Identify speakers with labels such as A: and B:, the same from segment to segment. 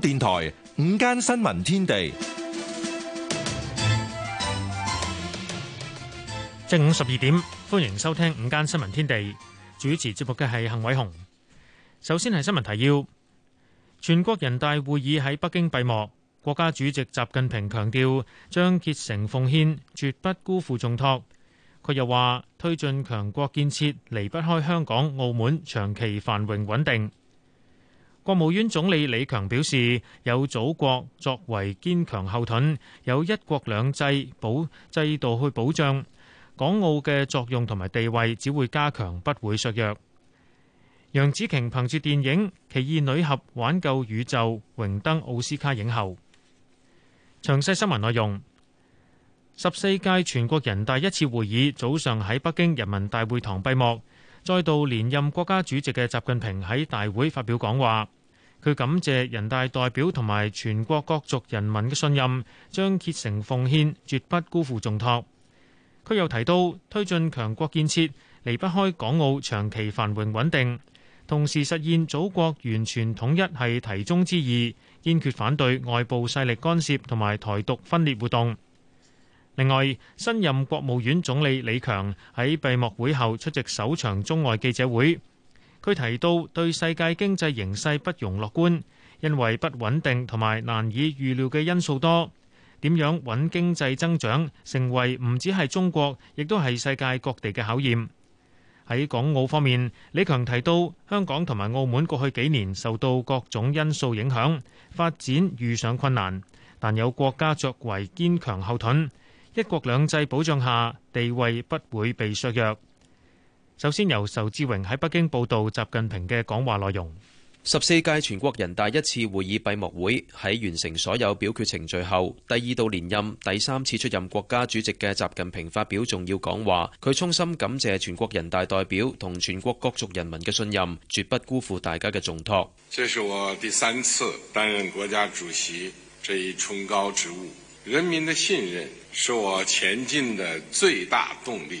A: 電臺午間新聞天地，
B: 正午十二點，歡迎收聽午間新聞天地。主持節目嘅係幸偉雄。首先係新聞提要：全國人大會議喺北京閉幕，國家主席習近平強調將竭誠奉獻，絕不辜負重託。佢又話，推進強國建設離不開香港、澳門長期繁榮穩定。國務院總理李強表示：有祖國作為堅強後盾，有一國兩制保制度去保障，港澳嘅作用同埋地位只會加強，不會削弱。楊紫瓊憑住電影《奇異女俠玩救宇宙》，榮登奧斯卡影后。詳細新聞內容：十四屆全國人大一次會議早上喺北京人民大會堂閉幕，再度連任國家主席嘅習近平喺大會發表講話。佢感謝人大代表同埋全國各族人民嘅信任，將竭誠奉獻，絕不辜負重託。佢又提到，推進強國建設離不開港澳長期繁榮穩定，同時實現祖國完全統一係題中之義，堅決反對外部勢力干涉同埋台獨分裂活動。另外，新任國務院總理李強喺閉幕會後出席首場中外記者會。佢提到，對世界經濟形勢不容樂觀，因為不穩定同埋難以預料嘅因素多。點樣穩經濟增長，成為唔止係中國，亦都係世界各地嘅考驗。喺港澳方面，李強提到，香港同埋澳門過去幾年受到各種因素影響，發展遇上困難，但有國家作為堅強後盾，一國兩制保障下，地位不會被削弱。首先由仇志榮喺北京報道習近平嘅講
C: 話內容。十四屆全國人大一次會議閉幕會喺完成所有表決程序後，第二度連任第三次出任國家主席嘅習近平發表重要講話。佢衷心感謝全國人大代表同全國各族人民嘅信任，絕不辜負大家嘅重託。
D: 這是我第三次擔任國家主席這一崇高職務，人民的信任是我前進的最大動力。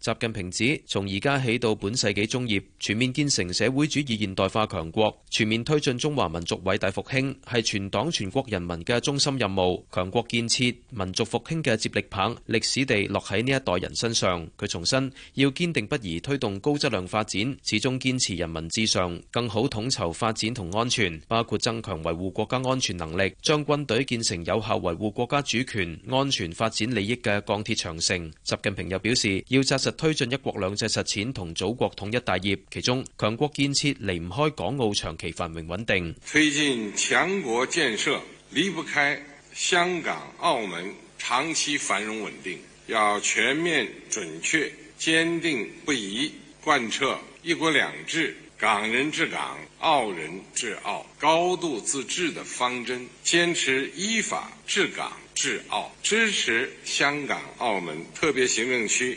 C: 習近平指，從而家起到本世紀中葉，全面建成社會主義現代化強國，全面推進中華民族偉大復興，係全黨全國人民嘅中心任務。強國建設、民族復興嘅接力棒，歷史地落喺呢一代人身上。佢重申，要堅定不移推動高質量發展，始終堅持人民至上，更好統籌發展同安全，包括增強維護國家安全能力，將軍隊建成有效維護國家主權、安全、發展利益嘅鋼鐵長城。習近平又表示，要紮實推進一國兩制實踐同祖國統一大業，其中強國建設離唔開港澳長期繁榮穩定。
D: 推進強國建設離不開香港、澳門長期繁榮穩定，要全面準確堅定不移貫徹一國兩制、港人治港、澳人治澳、高度自治的方針，堅持依法治港治澳，支持香港、澳門特別行政區，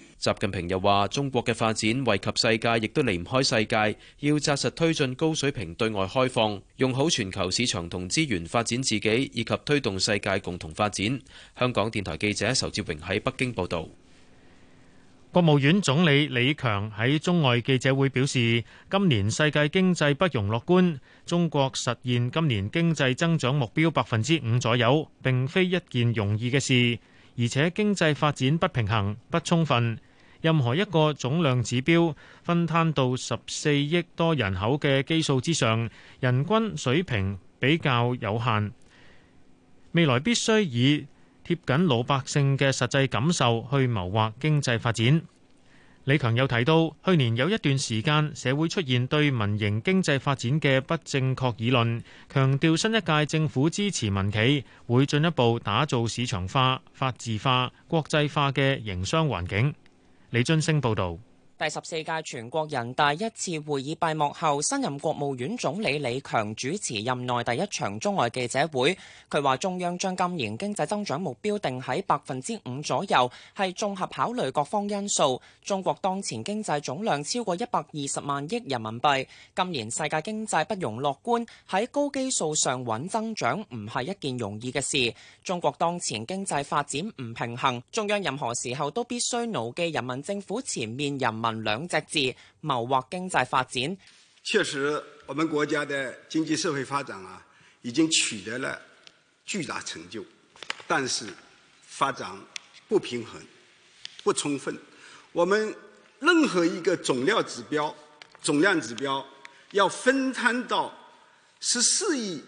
C: 習近平又話：中國嘅發展惠及世界，亦都離唔開世界。要紮實推進高水平對外開放，用好全球市場同資源發展自己，以及推動世界共同發展。香港電台記者仇志榮喺北京報導。
B: 國務院總理李強喺中外記者會表示：今年世界經濟不容樂觀，中國實現今年經濟增長目標百分之五左右，並非一件容易嘅事，而且經濟發展不平衡、不充分。任何一個總量指標分攤到十四億多人口嘅基數之上，人均水平比較有限。未來必須以貼近老百姓嘅實際感受去謀劃經濟發展。李強又提到，去年有一段時間社會出現對民營經濟發展嘅不正確議論，強調新一屆政府支持民企，會進一步打造市場化、法治化、國際化嘅營商環境。李津升報道。
E: 第十四屆全國人大一次會議閉幕後，新任國務院總理李強主持任內第一場中外記者會。佢話，中央將今年經濟增長目標定喺百分之五左右，係綜合考慮各方因素。中國當前經濟總量超過一百二十萬億人民幣，今年世界經濟不容樂觀，喺高基數上穩增長唔係一件容易嘅事。中國當前經濟發展唔平衡，中央任何時候都必須牢記人民政府前面人民。兩字謀劃經濟發展，確實，
F: 我們國家的經濟社會發展啊，已經取得了巨大成就，但是發展不平衡、不充分。我們任何一個總量指標、總量指標，要分攤到十四億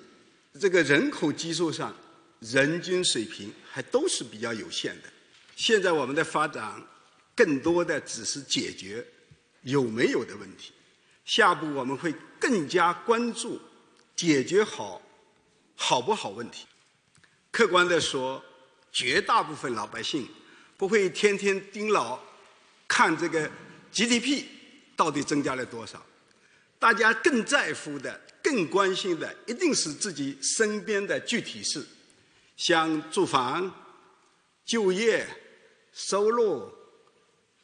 F: 這個人口基數上，人均水平還都是比較有限的。現在我們的發展。更多的只是解決有沒有的問題，下一步我們會更加關注解決好好不好問題。客觀的說，絕大部分老百姓不會天天盯牢看這個 GDP 到底增加了多少，大家更在乎的、更關心的一定是自己身邊的具體事，像住房、就業、收入。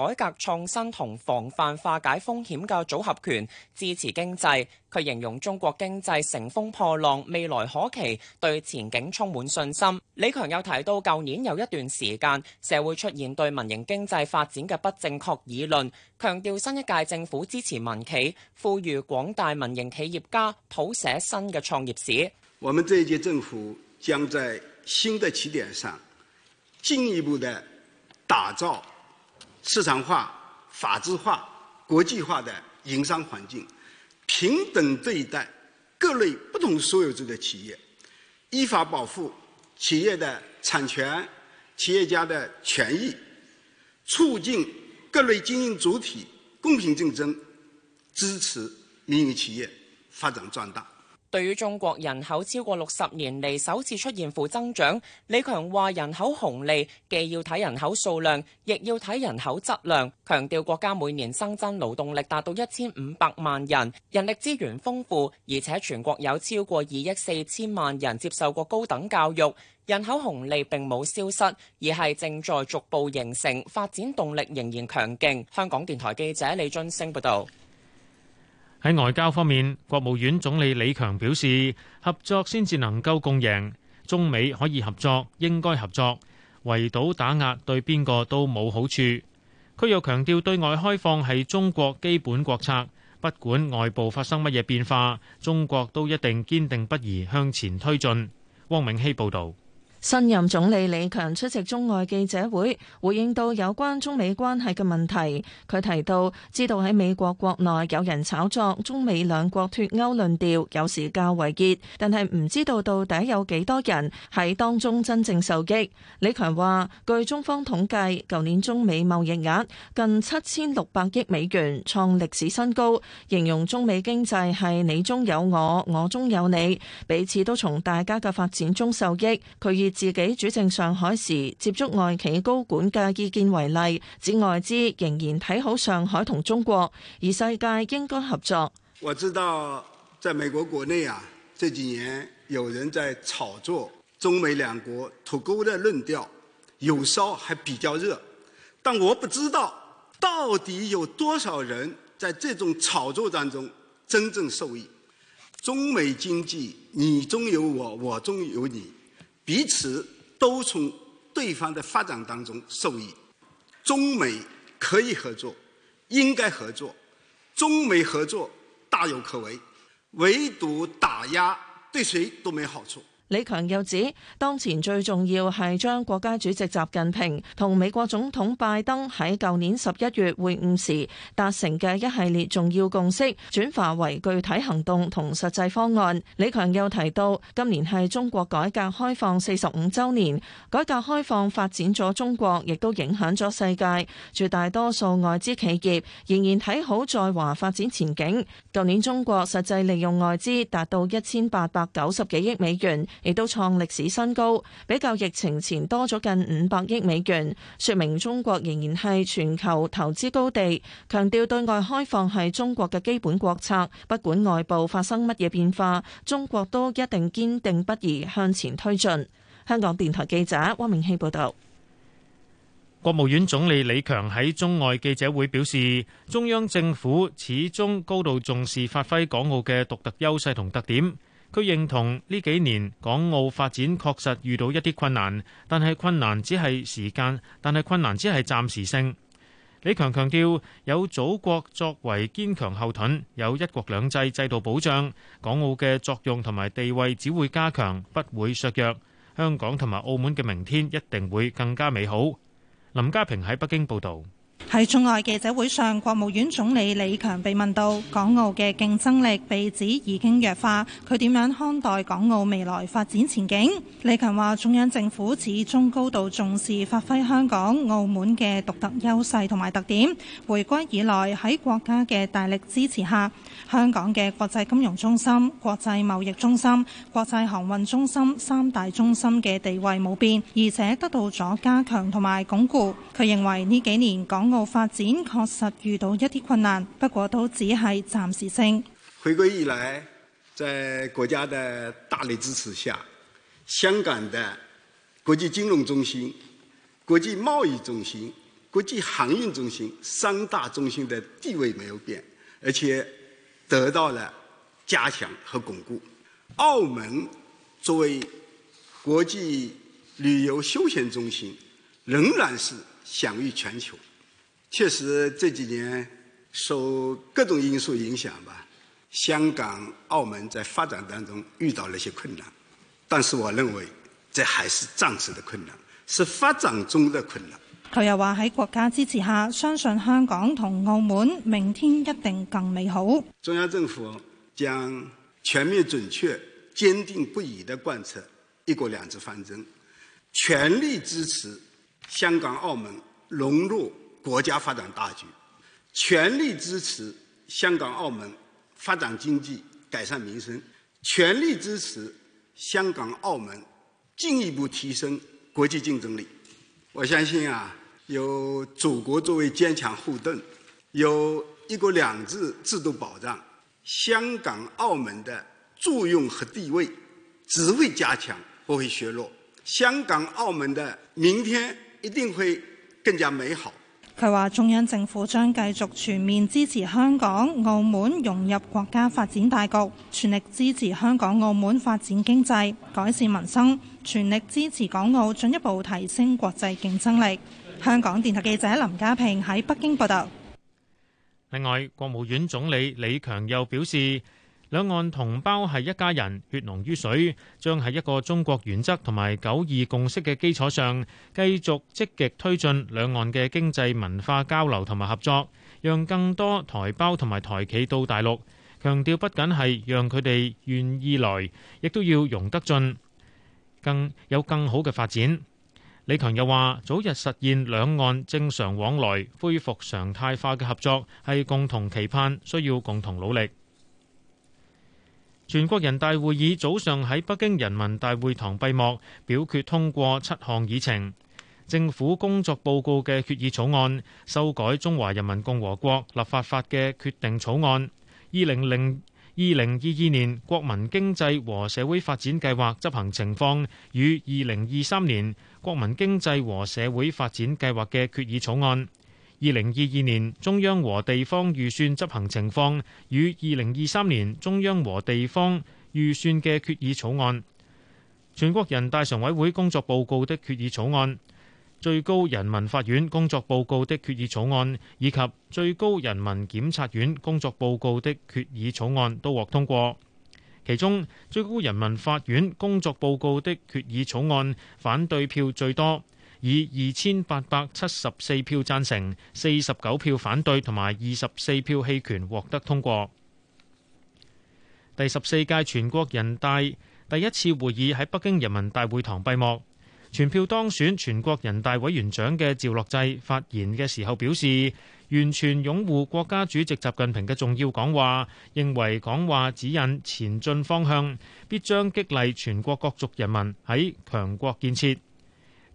E: 改革創新同防範化解風險嘅組合拳支持經濟，佢形容中國經濟乘風破浪，未來可期，對前景充滿信心。李強又提到，舊年有一段時間社會出現對民營經濟發展嘅不正確議論，強調新一屆政府支持民企，呼籲廣大民營企業家譜寫新嘅創業史。
F: 我們這一屆政府將在新的起點上，進一步的打造。市場化、法治化、國際化的營商環境，平等對待各類不同所有制的企業，依法保護企業的產權、企業家的權益，促進
E: 各類經營主體公平競爭，支持民營企業發展壯大。對於中國人口超過六十年嚟首次出現負增長，李強話：人口紅利既要睇人口數量，亦要睇人口質量。強調國家每年新增勞動力達到一千五百萬人，人力資源豐富，而且全國有超過二億四千萬人接受過高等教育，人口紅利並冇消失，而係正在逐步形成，發展動力仍然強勁。香港電台記者李津升報道。
B: 喺外交方面，國務院總理李強表示，合作先至能夠共贏，中美可以合作，應該合作，圍堵打壓對邊個都冇好處，佢又強調，對外開放係中國基本國策，不管外部發生乜嘢變化，中國都一定堅定不移向前推進。汪永熙報道。
G: 新任總理李強出席中外記者會，回應到有關中美關係嘅問題。佢提到，知道喺美國國內有人炒作中美兩國脱歐論調，有時較為熱，但係唔知道到底有幾多人喺當中真正受益。李強話，據中方統計，舊年中美貿易額近七千六百億美元，創歷史新高，形容中美經濟係你中有我，我中有你，彼此都從大家嘅發展中受益。佢以自己主政上海時接觸外企高管嘅意見為例，指外資仍然睇好上海同中國，而世界應該合作。
F: 我知道在美國國內啊，這幾年有人在炒作中美兩國脱鈎的論調，有燒還比較熱，但我不知道到底有多少人在這種炒作當中真正受益。中美經濟，你中有我，我中有你。彼此都從對方的發展當中受益，中美可以合作，應該合作，中美合作大有可為，唯獨打壓對誰都沒好處。
G: 李強又指，當前最重要係將國家主席習近平同美國總統拜登喺舊年十一月會晤時達成嘅一系列重要共識，轉化為具體行動同實際方案。李強又提到，今年係中國改革開放四十五週年，改革開放發展咗中國，亦都影響咗世界。絕大多數外資企業仍然睇好在華發展前景。舊年中國實際利用外資達到一千八百九十幾億美元。亦都創歷史新高，比較疫情前多咗近五百億美元，說明中國仍然係全球投資高地。強調對外開放係中國嘅基本國策，不管外部發生乜嘢變化，中國都一定堅定不移向前推進。香港電台記者汪明熙報道。
B: 國務院總理李強喺中外記者會表示，中央政府始終高度重視發揮港澳嘅獨特優勢同特點。佢認同呢幾年港澳發展確實遇到一啲困難，但係困難只係時間，但係困難只係暫時性。李強強調，有祖國作為堅強後盾，有一國兩制制度保障，港澳嘅作用同埋地位只會加強，不會削弱。香港同埋澳門嘅明天一定會更加美好。林家平喺北京報導。
H: 喺中外記者會上，國務院總理李強被問到，港澳嘅競爭力被指已經弱化，佢點樣看待港澳未來發展前景？李強話：中央政府始終高度重視發揮香港、澳門嘅獨特優勢同埋特點。回歸以來，喺國家嘅大力支持下，香港嘅國際金融中心、國際貿易中心、國際航運中心三大中心嘅地位冇變，而且得到咗加強同埋鞏固。佢認為呢幾年港澳發展確實遇到一啲困難，不過都只係暫時性。
F: 回歸以來，在國家的大力支持下，香港的國際金融中心、國際貿易中心、國際航運中心三大中心的地位沒有變，而且得到了加強和鞏固。澳門作為國際旅遊休閒中心，仍然是享譽全球。確實這幾年受各種因素影響吧，香港、澳門在發展當中遇到了些困難，但是我認為這還是暫時的困難，是發展中的困難。
H: 佢又話喺國家支持下，相信香港同澳門明天一定更美好。
F: 中央政府將全面、準確、堅定不移地貫徹“一國兩制”方針，全力支持香港、澳門融入，國家發展大局，全力支持香港澳門發展經濟、改善民生，全力支持香港澳門進一步提升國際競爭力。我相信啊，有祖國作為堅強後盾，有一國兩制制度保障，香港澳門的作用和地位只會加強，不會削弱。香港澳門的明天一定會更加美好。
H: 佢話：中央政府將繼續全面支持香港、澳門融入國家發展大局，全力支持香港、澳門發展經濟，改善民生，全力支持港澳進一步提升國際競爭力。香港電台記者林家平喺北京報道。
B: 另外，國務院總理李強又表示，兩岸同胞係一家人，血濃於水，將喺一個中國原則同埋九二共識嘅基礎上，繼續積極推進兩岸嘅經濟文化交流同埋合作，讓更多台胞同埋台企到大陸。強調不僅係讓佢哋願意來，亦都要融得進，更有更好嘅發展。李強又話：早日實現兩岸正常往來、恢復常態化嘅合作係共同期盼，需要共同努力。全國人大會議早上喺北京人民大會堂閉幕，表決通過七項議程：政府工作報告嘅決議草案、修改《中華人民共和國立法法》嘅決定草案、二零零二零二二年國民經濟和社會發展計劃執行情況與二零二三年國民經濟和社會發展計劃嘅決議草案。二零二二年中央和地方預算執行情況與二零二三年中央和地方預算嘅決議草案、全國人大常委會工作報告的決議草案、最高人民法院工作報告的決議草案以及最高人民檢察院工作報告的決議草案都獲通過，其中，最高人民法院工作報告的決議草案反對票最多。以二千八百七十四票贊成、四十九票反對同埋二十四票棄權獲得通過。第十四屆全國人大第一次會議喺北京人民大會堂閉幕。全票當選全國人大委員長嘅趙樂際發言嘅時候表示，完全擁護國家主席習近平嘅重要講話，認為講話指引前進方向，必將激勵全國各族人民喺強國建設。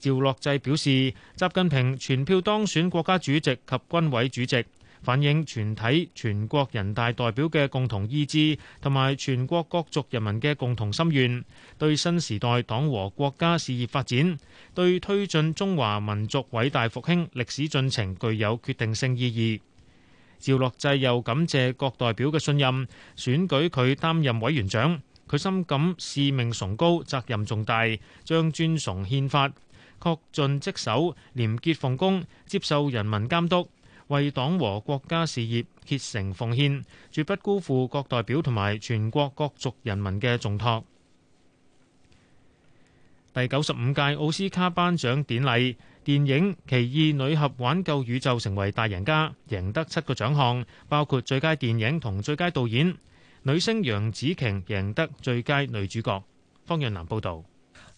B: 趙樂際表示，習近平全票當選國家主席及軍委主席，反映全體全國人大代表嘅共同意志，同埋全國各族人民嘅共同心願，對新時代黨和國家事業發展，對推進中華民族偉大復興歷史進程具有決定性意義。趙樂際又感謝各代表嘅信任，選舉佢擔任委員長，佢深感使命崇高，責任重大，將尊崇憲法。恪盡職守、廉潔奉公、接受人民監督，為黨和國家事業竭誠奉獻，絕不辜負各代表同埋全國各族人民嘅重託。第九十五屆奧斯卡頒獎典禮，電影《奇異女俠玩救宇宙》成為大贏家，贏得七個獎項，包括最佳電影同最佳導演。女星楊紫瓊贏得最佳女主角。方潤南報導。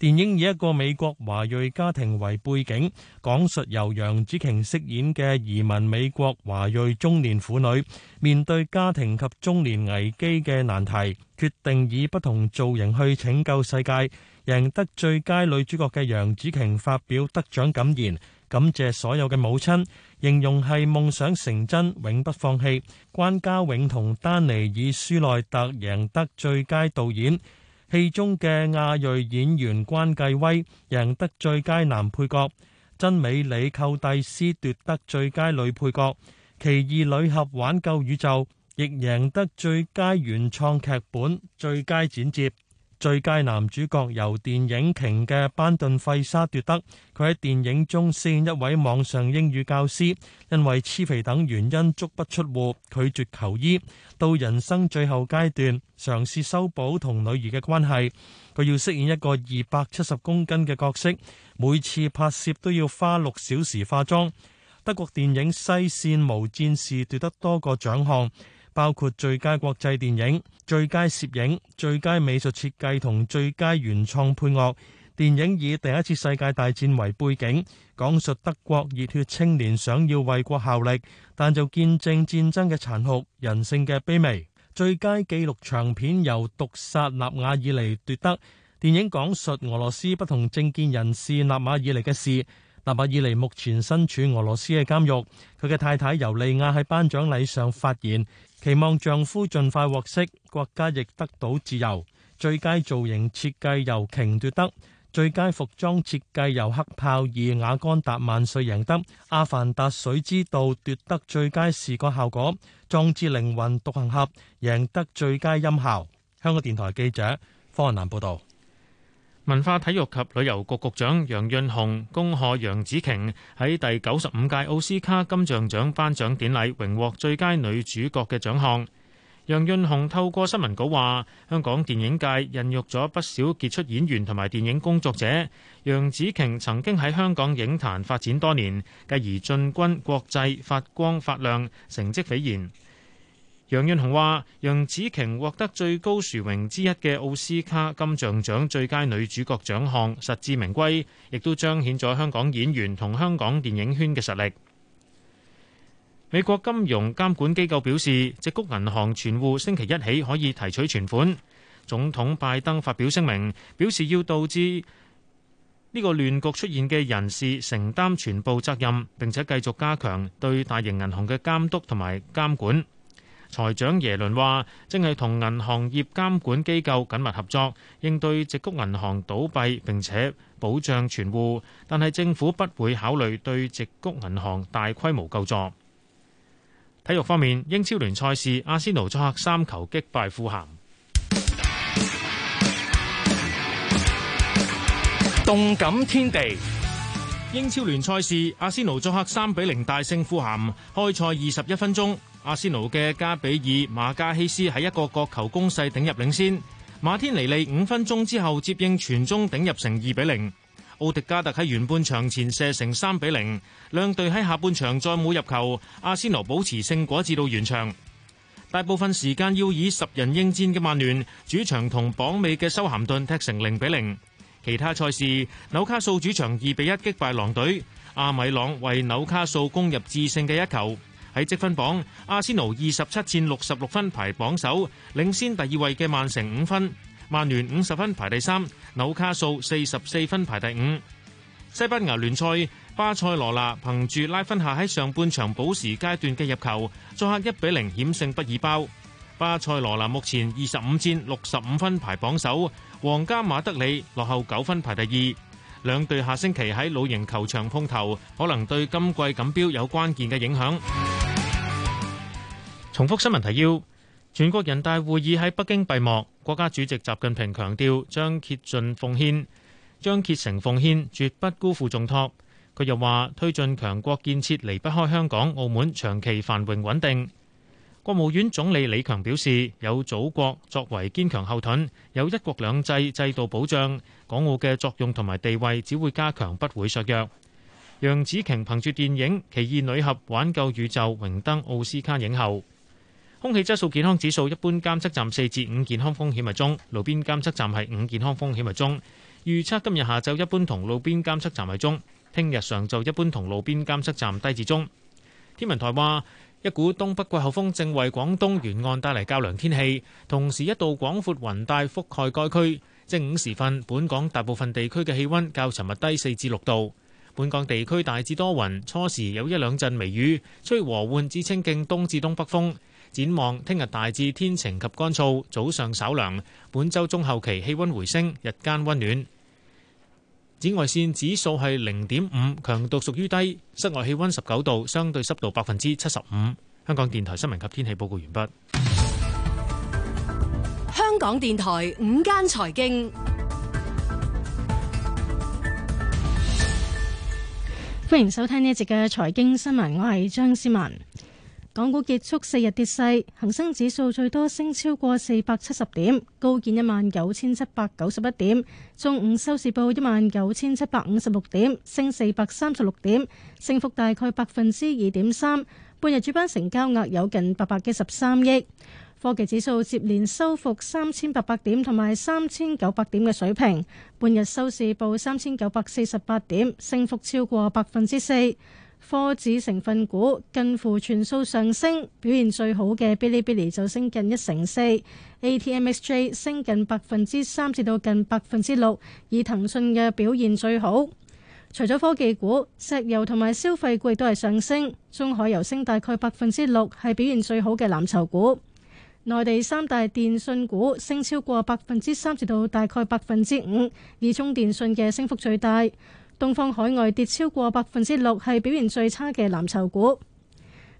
I: 電影以一個美國華裔家庭為背景，講述由楊紫瓊飾演嘅移民美國華裔中年婦女，面對家庭及中年危機嘅難題，決定以不同造型去拯救世界，贏得最佳女主角嘅楊紫瓊發表得獎感言，感謝所有嘅母親，形容係夢想成真，永不放棄。關家永同丹尼爾舒奈特贏得最佳導演。戲中嘅亞裔演員關繼威贏得最佳男配角，真美李寇蒂斯奪得最佳女配角，《奇異女俠挽救宇宙》亦贏得最佳原創劇本、最佳剪接。最佳男主角由電影《鯨》嘅班頓費沙奪得，佢喺電影中飾演一位網上英語教師，因為痴肥等原因足不出戶，拒絕求醫，到人生最後階段嘗試修補同女兒嘅關係。佢要飾演一個二百七十公斤嘅角色，每次拍攝都要花六小時化妝。德國電影《西線無戰事》奪得多個獎項。包括最佳國際電影、最佳攝影、最佳美術設計同最佳原創配樂。電影以第一次世界大戰為背景，講述德國熱血青年想要為國效力，但就見證戰爭嘅殘酷、人性嘅卑微。最佳紀錄長片由《毒殺納瓦爾尼》奪得。電影講述俄羅斯不同政見人士納瓦爾尼嘅事。納瓦爾尼目前身處俄羅斯嘅監獄。佢嘅太太尤利亞喺頒獎禮上發言。期望丈夫盡快獲釋，國家亦得到自由。最佳造型設計由瓊奪得，最佳服裝設計由黑豹以《二雅干達萬歲》贏得，《阿凡達水之道》奪得最佳視覺效果，《壯志凌雲獨行俠》贏
B: 得最佳音效。香港電台記者方雲南報道。文化體育及旅遊局局長楊潤雄恭賀楊紫瓊喺第九十五屆奧斯卡金像獎頒獎典禮榮獲最佳女主角嘅獎項。楊潤雄透過新聞稿話，香港電影界孕育咗不少傑出演員同埋電影工作者。楊紫瓊曾經喺香港影壇發展多年，繼而進軍國際，發光發亮，成績斐然。楊潤雄話：楊紫瓊獲得最高殊榮之一嘅奧斯卡金像獎最佳女主角獎項，實至名歸，亦都彰顯咗香港演員同香港電影圈嘅實力。美國金融監管機構表示，矽谷銀行存戶星期一起可以提取存款。總統拜登發表聲明，表示要導致呢個亂局出現嘅人士承擔全部責任，並且繼續加強對大型銀行嘅監督同埋監管。財長耶倫話，正係同銀行業監管機構緊密合作，應對矽谷銀行倒閉，並且保障存戶。但係政府不會考慮對矽谷銀行大規模救助。體育方面，英超聯賽事，阿仙奴作客三球擊敗富咸。動感天地，英超聯賽事，阿仙奴作客三比零大勝富咸，開賽二十一分鐘。阿仙奴嘅加比爾馬加希斯喺一個角球攻勢頂入領先，馬天尼利五分鐘之後接應傳中頂入成二比零。奧迪加特喺原半場前射成三比零，兩隊喺下半場再冇入球，阿仙奴保持勝果至到完場。大部分時間要以十人應戰嘅曼聯主場同榜尾嘅修咸頓踢成零比零。其他賽事，紐卡素主場二比一擊敗狼隊，阿米朗為紐卡素攻入致勝嘅一球。喺積分榜，阿仙奴二十七戰六十六分排榜首，領先第二位嘅曼城五分。曼聯五十分排第三，紐卡素四十四分排第五。西班牙聯賽，巴塞羅那憑住拉芬夏喺上半場補時階段嘅入球，作客一比零險勝畢爾包。巴塞羅那目前二十五戰六十五分排榜首，皇家馬德里落後九分排第二。兩隊下星期喺魯營球場碰頭，可能對今季錦標有關鍵嘅影響。重複新聞提要。全國人大會議喺北京閉幕，國家主席習近平強調將竭盡奉獻，將竭誠奉獻，絕不辜負重託。佢又話，推進強國建設離不開香港、澳門長期繁榮穩定。國務院總理李強表示，有祖國作為堅強後盾，有一國兩制制度保障，港澳嘅作用同埋地位只會加強，不會削弱。楊紫瓊憑住電影《奇異女俠挽救宇宙》，榮登奧斯卡影后。空氣質素健康指數一般監測站四至五健康風險為中，路邊監測站係五健康風險為中。預測今日下晝一般同路邊監測站為中，聽日上晝一般同路邊監測站低至中。天文台話，一股東北季候風正為廣東沿岸帶嚟較涼天氣，同時一道廣闊雲帶覆蓋該區。正午時分，本港大部分地區嘅氣温較尋日低四至六度。本港地區大致多雲，初時有一兩陣微雨，吹和緩至清勁東至東北風。展望聽日大致天晴及乾燥，早上稍涼。本周中後期氣温回升，日間溫暖。紫外綫指數係零點五，強度屬於低。室外氣溫十九度，相對濕度百分之七十五。香港電台新聞及天氣報告完畢。
J: 香港電台午間財經，歡迎收聽呢一節嘅財經新聞，我係張思文。港股結束四日跌勢，恒生指數最多升超過四百七十點，高見一萬九千七百九十一點。中午收市報一萬九千七百五十六點，升四百三十六點，升幅大概百分之二點三。半日主板成交額有近八百一十三億。科技指數接連收復三千八百點同埋三千九百點嘅水平，半日收市報三千九百四十八點，升幅超過百分之四。科指成分股近乎全數上升，表現最好嘅 Bilibili 就升近一成四，ATMXJ 升近百分之三至到近百分之六，以騰訊嘅表現最好。除咗科技股，石油同埋消費股亦都係上升，中海油升大概百分之六，係表現最好嘅藍籌股。內地三大電信訊股升超過百分之三至到大概百分之五，以中電訊嘅升幅最大。東方海外跌超過百分之六，係表現最差嘅藍籌股。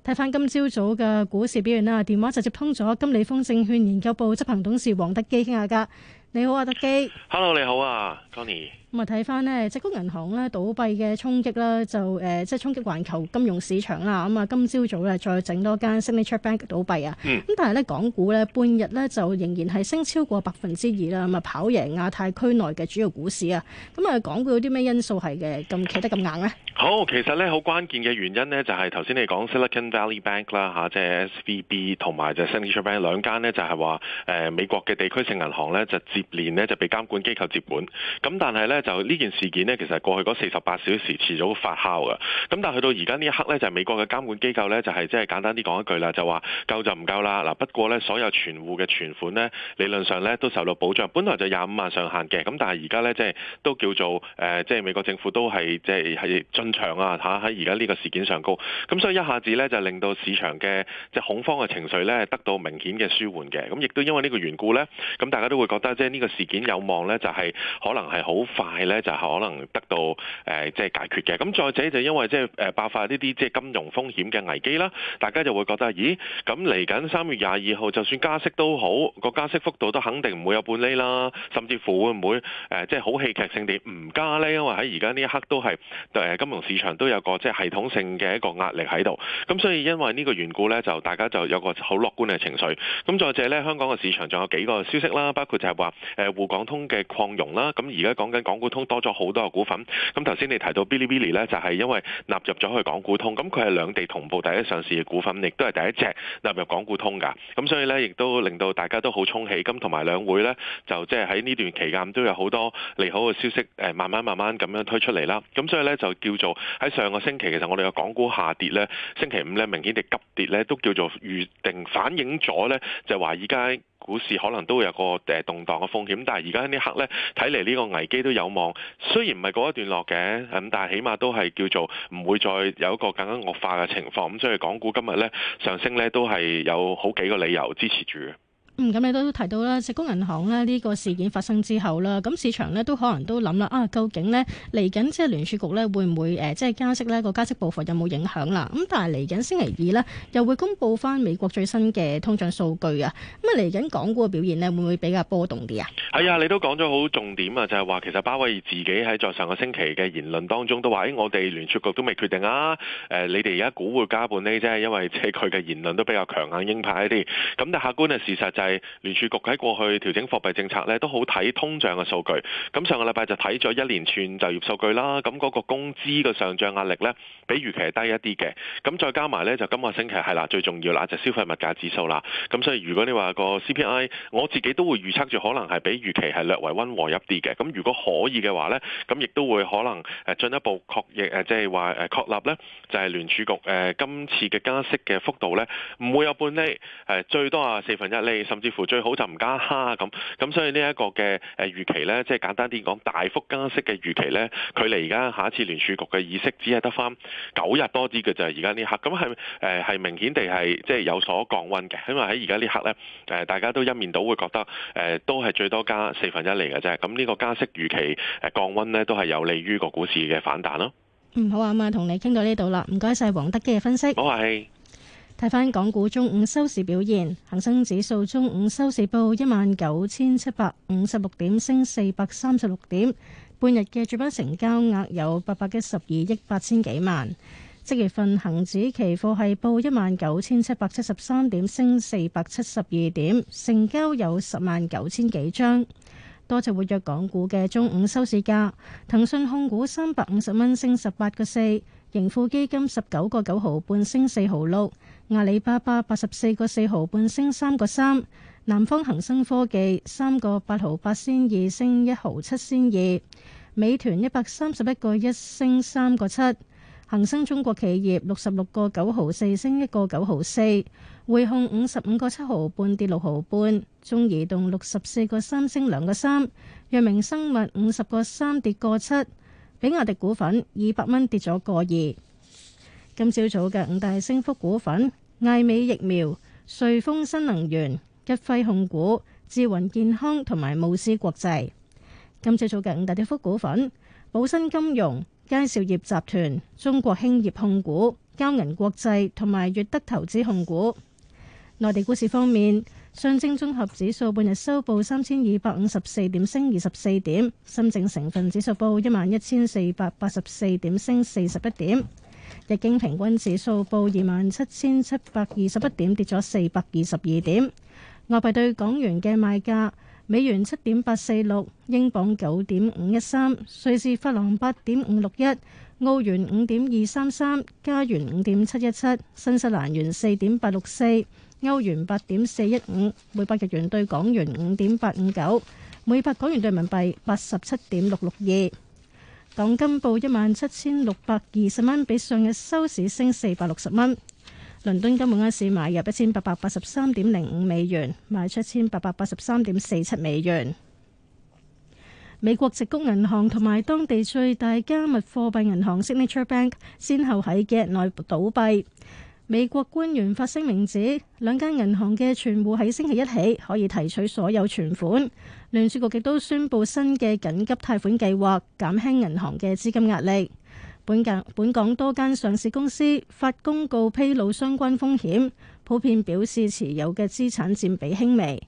J: 睇返今朝早嘅股市表現啦，電話就接通咗金利豐證券研究部執行董事黃德基傾下噶。你好，阿德基。
A: Hello，你好啊，Tony。Connie
J: 咁啊睇翻呢，職工銀行咧倒閉嘅衝擊啦，就誒、呃、即係衝擊環球金融市場啦。咁啊，今朝早咧再整多一間 Signature Bank 倒閉啊。咁、嗯、但係咧，港股咧半日咧就仍然係升超過百分之二啦。咁啊，跑贏亞太區內嘅主要股市啊。咁啊，港股有啲咩因素係嘅咁企得咁硬呢？
A: 好，其實咧好關鍵嘅原因呢，就係頭先你講 Silicon Valley Bank 啦，吓即係 SVB 同埋就 Signature Bank 兩間呢，就係話誒美國嘅地區性銀行咧就接連呢，就被監管機構接管。咁但係咧。就呢件事件呢，其實過去嗰四十八小時遲早發酵嘅。咁但係去到而家呢一刻呢，就係、美國嘅監管機構呢，就係即係簡單啲講一句啦，就話夠就唔夠啦。嗱，不過呢，所有存戶嘅存款呢，理論上呢都受到保障。本來就廿五萬上限嘅。咁但係而家呢，即、就、係、係、都叫做誒即係美國政府都係即係係進場啊！嚇喺而家呢個事件上高。咁所以一下子呢就係、令到市場嘅即係恐慌嘅情緒呢得到明顯嘅舒緩嘅。咁亦都因為呢個緣故呢，咁大家都會覺得即係呢個事件有望呢就係、係、可能係好快。係咧就係、可能得到即係、呃、解決嘅，咁再者就因為即係爆發呢啲即係金融風險嘅危機啦，大家就會覺得咦，咁嚟緊三月廿二號就算加息都好，個加息幅度都肯定唔會有半厘啦，甚至乎會唔會即係、呃就是、好戲劇性地唔加呢？因為喺而家呢一刻都係對金融市場都有個即係、就是、系統性嘅一個壓力喺度，咁所以因為呢個緣故咧，就大家就有個好樂觀嘅情緒。咁再者咧，香港嘅市場仲有幾個消息啦，包括就係話誒滬港通嘅擴容啦，咁而家講緊港。港股通多咗好多嘅股份，咁頭先你提到 Bilibili 咧，就係因為納入咗去港股通，咁佢係兩地同步第一上市嘅股份，亦都係第一隻納入港股通㗎，咁所以咧亦都令到大家都好充喜。咁同埋兩會咧就即係喺呢段期間都有好多利好嘅消息，誒慢慢慢慢咁樣推出嚟啦，咁所以咧就叫做喺上個星期其實我哋嘅港股下跌咧，星期五咧明顯地急跌咧，都叫做預定反映咗咧就係話而家。股市可能都會有個誒動盪嘅風險，但係而家呢刻呢睇嚟呢個危機都有望，雖然唔係告一段落嘅，咁但係起碼都係叫做唔會再有一個更加惡化嘅情況。咁所以港股今日呢上升呢都係有好幾個理由支持住。
J: 嗯，咁你都提到啦，矽谷銀行咧呢個事件發生之後啦，咁市場呢都可能都諗啦，啊究竟呢嚟緊即係聯儲局呢會唔會誒、呃、即係加息呢？個加息步伐有冇影響啦？咁但係嚟緊星期二呢，又會公布翻美國最新嘅通脹數據啊！咁啊嚟緊港股嘅表現呢，會唔會比較波動啲啊？
A: 係啊，你都講咗好重點啊，就係、是、話其實鮑威爾自己喺在，在上個星期嘅言論當中都話，誒、哎、我哋聯儲局都未決定啊，誒、呃、你哋而家估會加半呢？啫，因為即係佢嘅言論都比較強硬鷹派啲。咁但客觀嘅事實就係係聯儲局喺過去調整貨幣政策咧，都好睇通脹嘅數據。咁上個禮拜就睇咗一連串就業數據啦。咁嗰個工資嘅上漲壓力咧，比預期係低一啲嘅。咁再加埋咧，就今個星期係啦，最重要啦，就消費物價指數啦。咁所以如果你話個 CPI，我自己都會預測住可能係比預期係略為溫和一啲嘅。咁如果可以嘅話咧，咁亦都會可能誒進一步確認誒，即係話誒確立咧，就係聯儲局誒今次嘅加息嘅幅度咧，唔會有半厘，誒最多啊四分一厘。甚至乎最好就唔加蝦咁，咁所以呢一個嘅誒預期咧，即係簡單啲講大幅加息嘅預期咧，距離而家下一次聯儲局嘅議息只係得返九日多啲嘅就係而家呢刻，咁係誒係明顯地係即係有所降溫嘅，因為喺而家呢刻咧誒大家都一面倒會覺得誒、呃、都係最多加四分一厘嘅啫，咁呢個加息預期誒降溫咧都係有利於個股市嘅反彈咯。
J: 嗯，好啊，咁媽同你傾到呢度啦，唔該晒，黃德基嘅分析。好係。睇返港股中午收市表現，恒生指數中午收市報一萬九千七百五十六點，升四百三十六點。半日嘅主板成交額有八百一十二億八千幾萬。即月份恒指期貨係報一萬九千七百七十三點，升四百七十二點，成交有十萬九千幾張。多隻活躍港股嘅中午收市價，騰訊控股三百五十蚊升十八個四，盈富基金十九個九毫半升四毫六。阿里巴巴八十四個四毫半升三個三。南方恒生科技三個八毫八仙二升一毫七仙二。美團一百三十一個一升三個七。恒生中國企業六十六個九毫四升一個九毫四。匯控五十五個七毫半跌六毫半。中移動六十四個三升兩個三。藥明生物五十個三跌個七。比亞迪股份二百蚊跌咗個二。今朝早嘅五大升幅股份：艾美疫苗、瑞豐新能源、日輝控股、智雲健康同埋慕斯國際。今朝早嘅五大跌幅股份：寶新金融、佳兆業集團、中國興業控股、交銀國際同埋粵德投資控股。內地股市方面，上證綜合指數半日收報三千二百五十四點，升二十四點；深證成分指數報一萬一千四百八十四點，升四十一點。日經平均指數報二萬七千七百二十一點，跌咗四百二十二點。外幣對港元嘅賣價：美元七點八四六，英鎊九點五一三，瑞士法郎八點五六一，澳元五點二三三，加元五點七一七，新西蘭元四點八六四，歐元八點四一五，每百日元對港元五點八五九，每百港元對人民幣八十七點六六二。港金報一萬七千六百二十蚊，比上日收市升四百六十蚊。倫敦金本位市買入一千八百八十三點零五美元，賣出一千八百八十三點四七美元。美國矽谷銀行同埋當地最大加密貨幣銀行 Signature Bank，先後喺幾日內倒閉。美國官員發聲明指，兩間銀行嘅存戶喺星期一起可以提取所有存款。聯儲局亦都宣布新嘅緊急貸款計劃，減輕銀行嘅資金壓力。本港本港多間上市公司發公告披露相關風險，普遍表示持有嘅資產佔比輕微。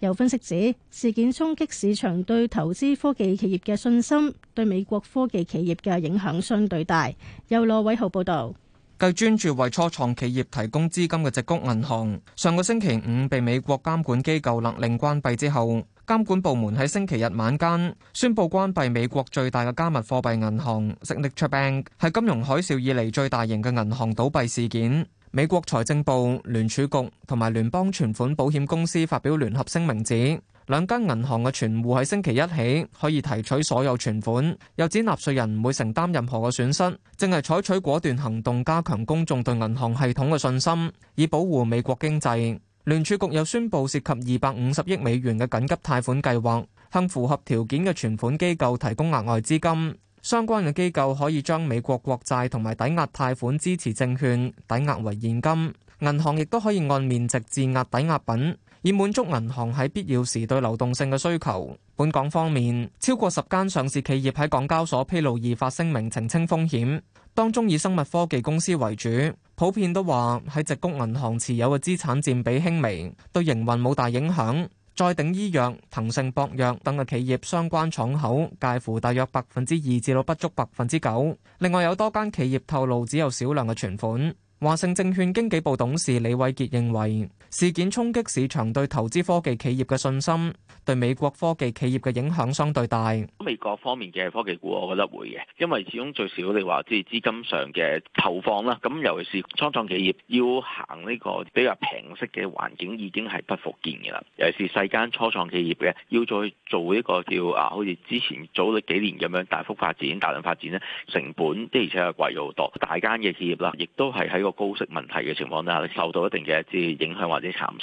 J: 有分析指，事件衝擊市場對投資科技企業嘅信心，對美國科技企業嘅影響相對大。由羅偉豪報導。
K: 繼專注為初創企業提供資金嘅矽谷銀行，上個星期五被美國監管機構勒令關閉之後，監管部門喺星期日晚間宣布關閉美國最大嘅加密貨幣銀行 Signature Bank，係金融海嘯以嚟最大型嘅銀行倒閉事件。美國財政部、聯儲局同埋聯邦存款保險公司發表聯合聲明指，兩間銀行嘅存戶喺星期一起可以提取所有存款，又指納稅人唔會承擔任何嘅損失，正係採取果斷行動，加強公眾對銀行系統嘅信心，以保護美國經濟。聯儲局又宣布涉及二百五十億美元嘅緊急貸款計劃，向符合條件嘅存款機構提供額外資金。相關嘅機構可以將美國國債同埋抵押貸款支持證券抵押為現金，銀行亦都可以按面值質押抵押品。以滿足銀行喺必要時對流動性嘅需求。本港方面，超過十間上市企業喺港交所披露易發聲明澄清風險，當中以生物科技公司為主，普遍都話喺矽谷銀行持有嘅資產佔比輕微，對營運冇大影響。再鼎醫藥、騰盛博藥等嘅企業相關廠口介乎大約百分之二至到不足百分之九。另外有多間企業透露只有少量嘅存款。華盛證券經紀部董事李偉傑認為。事件衝擊市場對投資科技企業嘅信心，對美國科技企業嘅影響相對大。
C: 美國方面嘅科技股，我覺得會嘅，因為始終最少你話即係資金上嘅投放啦。咁尤其是初創企業要行呢個比較平息嘅環境，已經係不復見嘅啦。尤其是細間初創企業嘅，要再做呢個叫啊，好似之前早咗幾年咁樣大幅發展、大量發展咧，成本的而且確貴咗好多。大間嘅企業啦，亦都係喺個高息問題嘅情況下，你受到一定嘅即係影響或。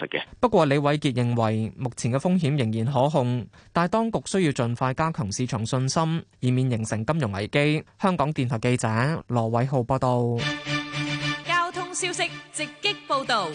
C: 啲
K: 不過，李偉傑認為目前嘅風險仍然可控，但係當局需要盡快加強市場信心，以免形成金融危機。香港電台記者羅偉浩報道。
H: 交
G: 通消息直擊報導。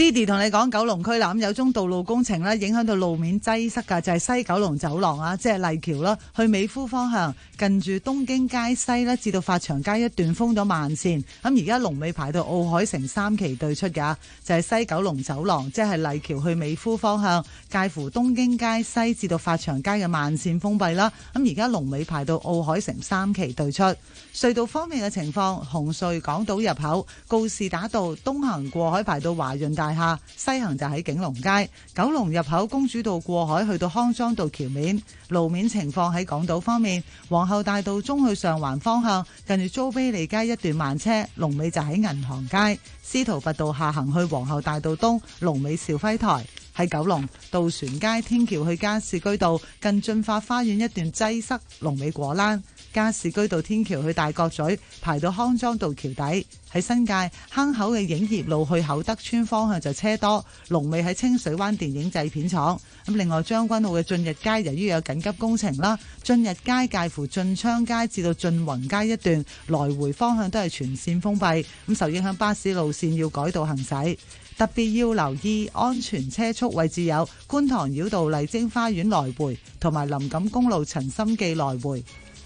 L: Didi 同你講，九龍區南有宗道路工程影響到路面擠塞㗎，就係西九龍走廊啊，即係麗橋啦，去美孚方向，近住東京街西至到發祥街一段封咗慢線。咁而家龍尾排到奧海城三期對出㗎，就係西九龍走廊，即係麗橋去美孚方向，介乎東京街西至到發祥街嘅慢線封閉啦。咁而家龍尾排到奧海城三期對出。隧道方面嘅情況，紅隧港島入口告士打道東行過海排到華潤大大廈西行就喺景隆街。九龍入口公主道過海去到康莊道橋面。路面情況，喺港島方面，皇后大道中去上環方向，近住租庇利街一段慢車，龍尾就喺銀行街。司徒拔道下行去皇后大道東，龍尾兆輝台。喺九龍，渡船街天橋去加士居道，近駿發花園一段擠塞，龍尾果欄。加士居道天橋去大角咀，排到康莊道橋底；喺新界坑口嘅影業路去厚德村方向就車多。龍尾喺清水灣電影製片廠。咁另外將軍澳嘅駿日街由於有緊急工程啦，駿日街介乎駿昌街至到駿宏街一段，來回方向都係全線封閉。咁受影響巴士路線要改道行駛，特別要留意安全車速位置有觀塘繞道麗晶花園來回，同埋林錦公路陳心記來回。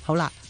L: 好啦。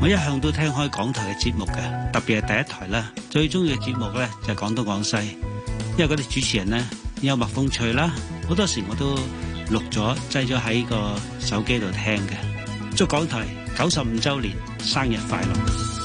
B: 我一向都聽開港台嘅節目嘅，特別係第一台啦，最中意嘅節目咧就係廣東廣西，因為嗰啲主持人咧幽默風趣啦，好多時我都錄咗，製咗喺個
L: 手機度聽嘅。祝港台九十五周年生日快樂！